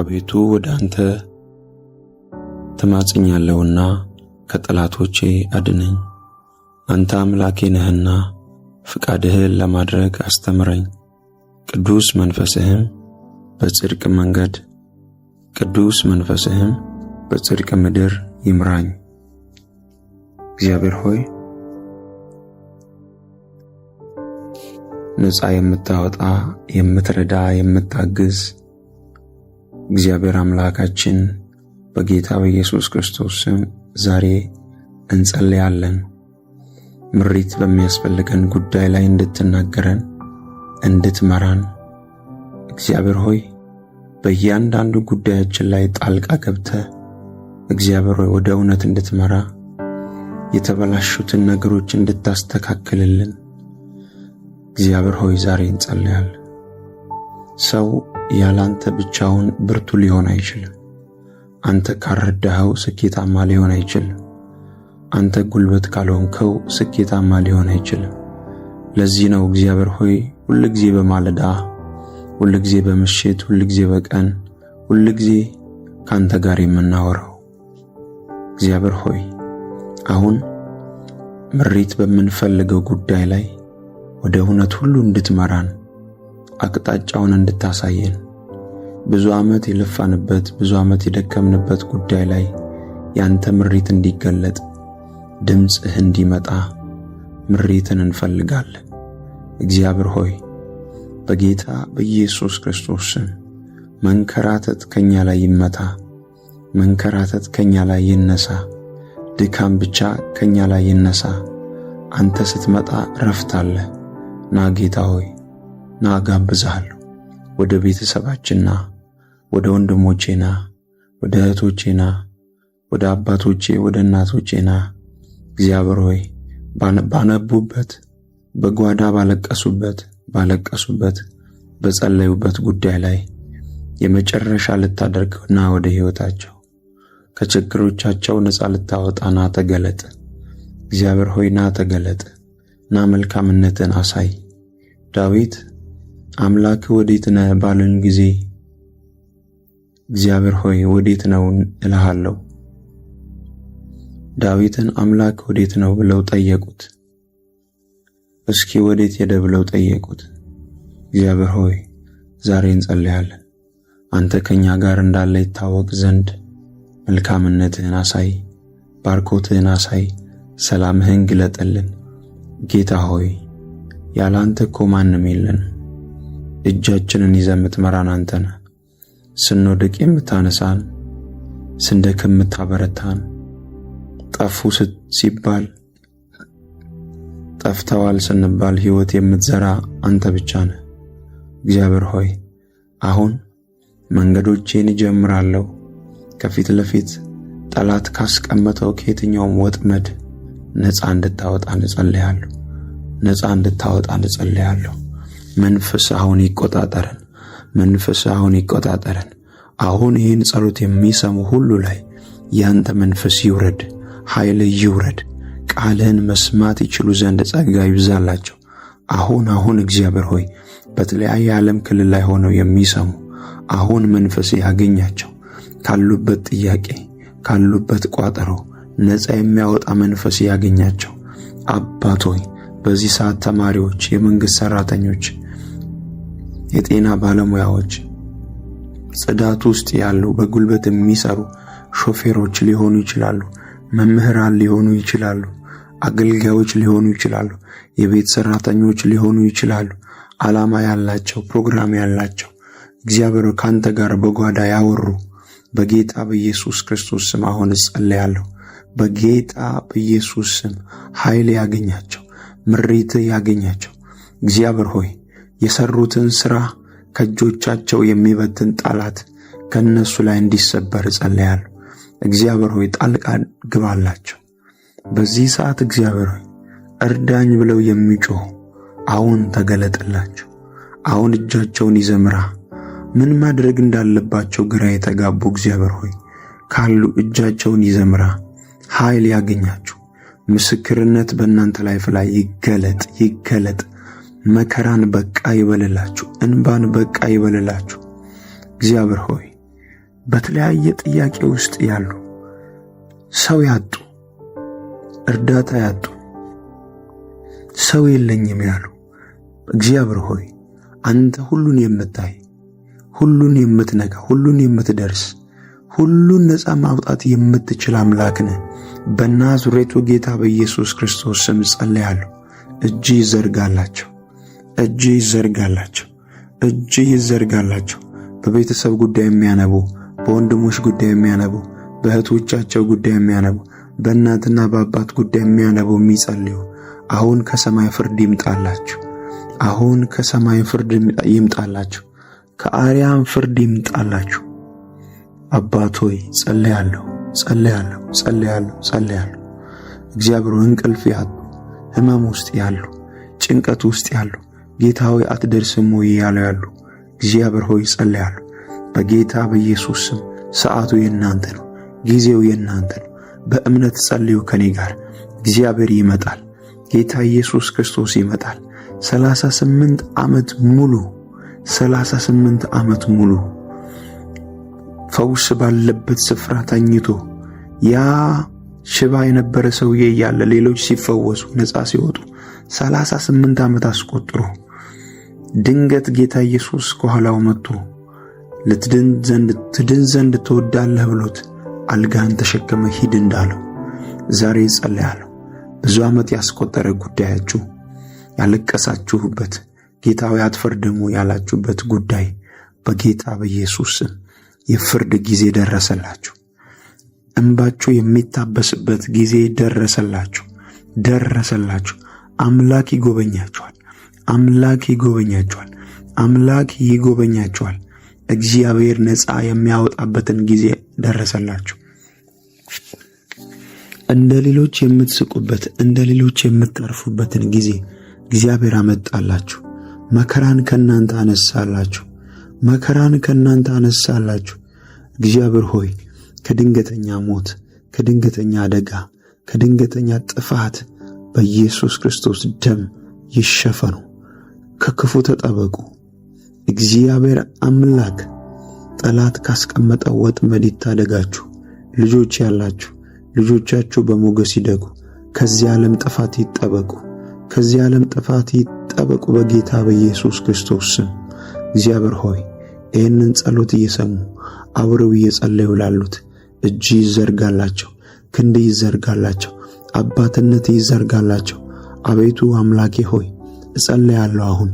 አቤቱ ወደ አንተ ተማጽኛለሁና ከጠላቶቼ አድነኝ። አንተ አምላኬ ነህና ፍቃድህን ለማድረግ አስተምረኝ። ቅዱስ መንፈስህም በጽድቅ መንገድ ቅዱስ መንፈስህም በጽድቅ ምድር ይምራኝ። እግዚአብሔር ሆይ ነፃ የምታወጣ የምትረዳ፣ የምታግዝ እግዚአብሔር አምላካችን በጌታ በኢየሱስ ክርስቶስ ስም ዛሬ እንጸልያለን። ምሪት በሚያስፈልገን ጉዳይ ላይ እንድትናገረን፣ እንድትመራን እግዚአብሔር ሆይ በእያንዳንዱ ጉዳያችን ላይ ጣልቃ ገብተ እግዚአብሔር ሆይ ወደ እውነት እንድትመራ የተበላሹትን ነገሮች እንድታስተካክልልን እግዚአብሔር ሆይ ዛሬ እንጸልያለን። ሰው ያላንተ ብቻውን ብርቱ ሊሆን አይችልም። አንተ ካልረዳኸው ስኬታማ ሊሆን አይችልም። አንተ ጉልበት ካልሆንከው ስኬታማ ሊሆን አይችልም። ለዚህ ነው እግዚአብሔር ሆይ ሁልጊዜ በማለዳ ጊዜ በምሽት ጊዜ በቀን ጊዜ ካንተ ጋር የምናወራው። እግዚአብሔር ሆይ አሁን ምሪት በምንፈልገው ጉዳይ ላይ ወደ እውነት ሁሉ እንድትመራን አቅጣጫውን እንድታሳየን ብዙ ዓመት የለፋንበት ብዙ ዓመት የደከምንበት ጉዳይ ላይ ያንተ ምሪት እንዲገለጥ ድምፅህ እንዲመጣ ምሪትን እንፈልጋለን። እግዚአብሔር ሆይ በጌታ በኢየሱስ ክርስቶስ ስም መንከራተት ከኛ ላይ ይመታ፣ መንከራተት ከኛ ላይ ይነሳ፣ ድካም ብቻ ከኛ ላይ ይነሳ። አንተ ስትመጣ ረፍት አለ። ና ጌታ ሆይ ና ጋብዝሃለሁ። ወደ ቤተሰባችንና ወደ ወንድሞቼና ወደ እህቶቼና ወደ አባቶቼ ወደ እናቶቼና እግዚአብሔር ሆይ ባነቡበት በጓዳ ባለቀሱበት ባለቀሱበት በጸለዩበት ጉዳይ ላይ የመጨረሻ ልታደርግና ወደ ህይወታቸው ከችግሮቻቸው ነፃ ልታወጣና ተገለጥ። እግዚአብሔር ሆይ ና ተገለጥ፣ ና መልካምነትን አሳይ። ዳዊት አምላክ ወዴት ነ ባሉኝ ጊዜ እግዚአብሔር ሆይ ወዴት ነው እልሃለሁ። ዳዊትን አምላክ ወዴት ነው ብለው ጠየቁት። እስኪ ወዴት ሄደ ብለው ጠየቁት። እግዚአብሔር ሆይ ዛሬ እንጸልያለን፣ አንተ ከኛ ጋር እንዳለ ይታወቅ ዘንድ መልካምነትህን አሳይ፣ ባርኮትህን አሳይ፣ ሰላምህን ግለጠልን ጌታ ሆይ ያለ አንተ እኮ ማንም የለንም። እጃችንን ይዘ የምትመራን አንተ ስንወድቅ የምታነሳን፣ ስንደክም የምታበረታን፣ ጠፉ ሲባል ጠፍተዋል ስንባል ህይወት የምትዘራ አንተ ብቻ ነህ። እግዚአብሔር ሆይ አሁን መንገዶቼን እጀምራለሁ ከፊት ለፊት ጠላት ካስቀመጠው ከየትኛውም ወጥመድ ነፃ እንድታወጣ እንጸልያለሁ። ነፃ እንድታወጣ እንጸልያለሁ። መንፈስ አሁን ይቆጣጠረን። መንፈስ አሁን ይቆጣጠረን። አሁን ይህን ጸሎት የሚሰሙ ሁሉ ላይ ያንተ መንፈስ ይውረድ፣ ኃይል ይውረድ። ቃልህን መስማት ይችሉ ዘንድ ጸጋ ይብዛላቸው። አሁን አሁን እግዚአብሔር ሆይ በተለያየ ዓለም ክልል ላይ ሆነው የሚሰሙ አሁን መንፈስ ያገኛቸው ካሉበት ጥያቄ ካሉበት ቋጠሮ ነፃ የሚያወጣ መንፈስ ያገኛቸው አባት ሆይ በዚህ ሰዓት ተማሪዎች፣ የመንግስት ሰራተኞች የጤና ባለሙያዎች፣ ጽዳት ውስጥ ያሉ በጉልበት የሚሰሩ ሾፌሮች ሊሆኑ ይችላሉ፣ መምህራን ሊሆኑ ይችላሉ፣ አገልጋዮች ሊሆኑ ይችላሉ፣ የቤት ሰራተኞች ሊሆኑ ይችላሉ። ዓላማ ያላቸው ፕሮግራም ያላቸው እግዚአብሔር ካንተ ጋር በጓዳ ያወሩ በጌታ በኢየሱስ ክርስቶስ ስም አሁን እጸልያለሁ። በጌታ በኢየሱስ ስም ኃይል ያገኛቸው ምሪት ያገኛቸው። እግዚአብሔር ሆይ የሰሩትን ሥራ ከእጆቻቸው የሚበትን ጠላት ከእነሱ ላይ እንዲሰበር ጸለያሉ። እግዚአብሔር ሆይ ጣልቃ ግባላቸው። በዚህ ሰዓት እግዚአብሔር ሆይ እርዳኝ ብለው የሚጮሁ አሁን ተገለጥላቸው። አሁን እጃቸውን ይዘምራ ምን ማድረግ እንዳለባቸው ግራ የተጋቡ እግዚአብሔር ሆይ ካሉ እጃቸውን ይዘምራ ኃይል ያገኛቸው። ምስክርነት በእናንተ ላይፍ ላይ ይገለጥ ይገለጥ። መከራን በቃ ይበልላችሁ፣ እንባን በቃ ይበልላችሁ። እግዚአብሔር ሆይ በተለያየ ጥያቄ ውስጥ ያሉ ሰው ያጡ፣ እርዳታ ያጡ፣ ሰው የለኝም ያሉ እግዚአብሔር ሆይ አንተ ሁሉን የምታይ ሁሉን የምትነካ ሁሉን የምትደርስ ሁሉን ነፃ ማውጣት የምትችል አምላክ ነህ። በናዝሬቱ ጌታ በኢየሱስ ክርስቶስ ስም ጸልያለሁ። እጅ ይዘርጋላቸው፣ እጅ ይዘርጋላቸው፣ እጅ ይዘርጋላቸው። በቤተሰብ ጉዳይ የሚያነቡ፣ በወንድሞች ጉዳይ የሚያነቡ፣ በእህቶቻቸው ጉዳይ የሚያነቡ፣ በእናትና በአባት ጉዳይ የሚያነቡ የሚጸልዩ አሁን ከሰማይ ፍርድ ይምጣላችሁ። አሁን ከሰማይ ፍርድ ይምጣላችሁ። ከአርያም ፍርድ ይምጣላችሁ። አባት ሆይ ጸልያለሁ ጸልያለሁ ጸልያለሁ ጸልያለሁ። እግዚአብሔር እንቅልፍ ያጡ ህመም ውስጥ ያሉ ጭንቀት ውስጥ ያሉ ጌታ ሆይ አትደርስም ወይ ያለው ያሉ እግዚአብሔር ሆይ ጸልያለሁ። በጌታ በኢየሱስ ስም ሰዓቱ የእናንተ ነው፣ ጊዜው የእናንተ ነው። በእምነት ጸልዩ ከኔ ጋር። እግዚአብሔር ይመጣል። ጌታ ኢየሱስ ክርስቶስ ይመጣል። ሰላሳ ስምንት ዓመት ሙሉ ሰላሳ ስምንት ዓመት ሙሉ ፈውስ ባለበት ስፍራ ተኝቶ ያ ሽባ የነበረ ሰውዬ እያለ ሌሎች ሲፈወሱ ነፃ ሲወጡ ሰላሳ ስምንት ዓመት አስቆጥሮ ድንገት ጌታ ኢየሱስ ከኋላው መጥቶ ልትድን ዘንድ ትድን ዘንድ ትወዳለህ ብሎት አልጋን ተሸከመ ሂድ እንዳለው ዛሬ ጸለያለሁ። ብዙ ዓመት ያስቆጠረ ጉዳያችሁ ያለቀሳችሁበት ጌታዊ አትፈርድሙ ያላችሁበት ጉዳይ በጌታ በኢየሱስ ስም የፍርድ ጊዜ ደረሰላችሁ። እንባችሁ የሚታበስበት ጊዜ ደረሰላችሁ ደረሰላችሁ። አምላክ ይጎበኛችኋል። አምላክ ይጎበኛችኋል። አምላክ ይጎበኛችኋል። እግዚአብሔር ነፃ የሚያወጣበትን ጊዜ ደረሰላችሁ። እንደ ሌሎች የምትስቁበት፣ እንደ ሌሎች የምትቀርፉበትን ጊዜ እግዚአብሔር አመጣላችሁ። መከራን ከእናንተ አነሳላችሁ። መከራን ከእናንተ አነሳላችሁ። እግዚአብሔር ሆይ ከድንገተኛ ሞት፣ ከድንገተኛ አደጋ፣ ከድንገተኛ ጥፋት በኢየሱስ ክርስቶስ ደም ይሸፈኑ፣ ከክፉ ተጠበቁ። እግዚአብሔር አምላክ ጠላት ካስቀመጠው ወጥመድ ይታደጋችሁ። ልጆች ያላችሁ ልጆቻችሁ በሞገስ ይደጉ፣ ከዚህ ዓለም ጥፋት ይጠበቁ፣ ከዚህ ዓለም ጥፋት ይጠበቁ በጌታ በኢየሱስ ክርስቶስ ስም። እግዚአብሔር ሆይ ይህንን ጸሎት እየሰሙ አብረው እየጸለዩ ላሉት እጅ ይዘርጋላቸው፣ ክንድ ይዘርጋላቸው፣ አባትነት ይዘርጋላቸው። አቤቱ አምላኬ ሆይ እጸለያለሁ አሁን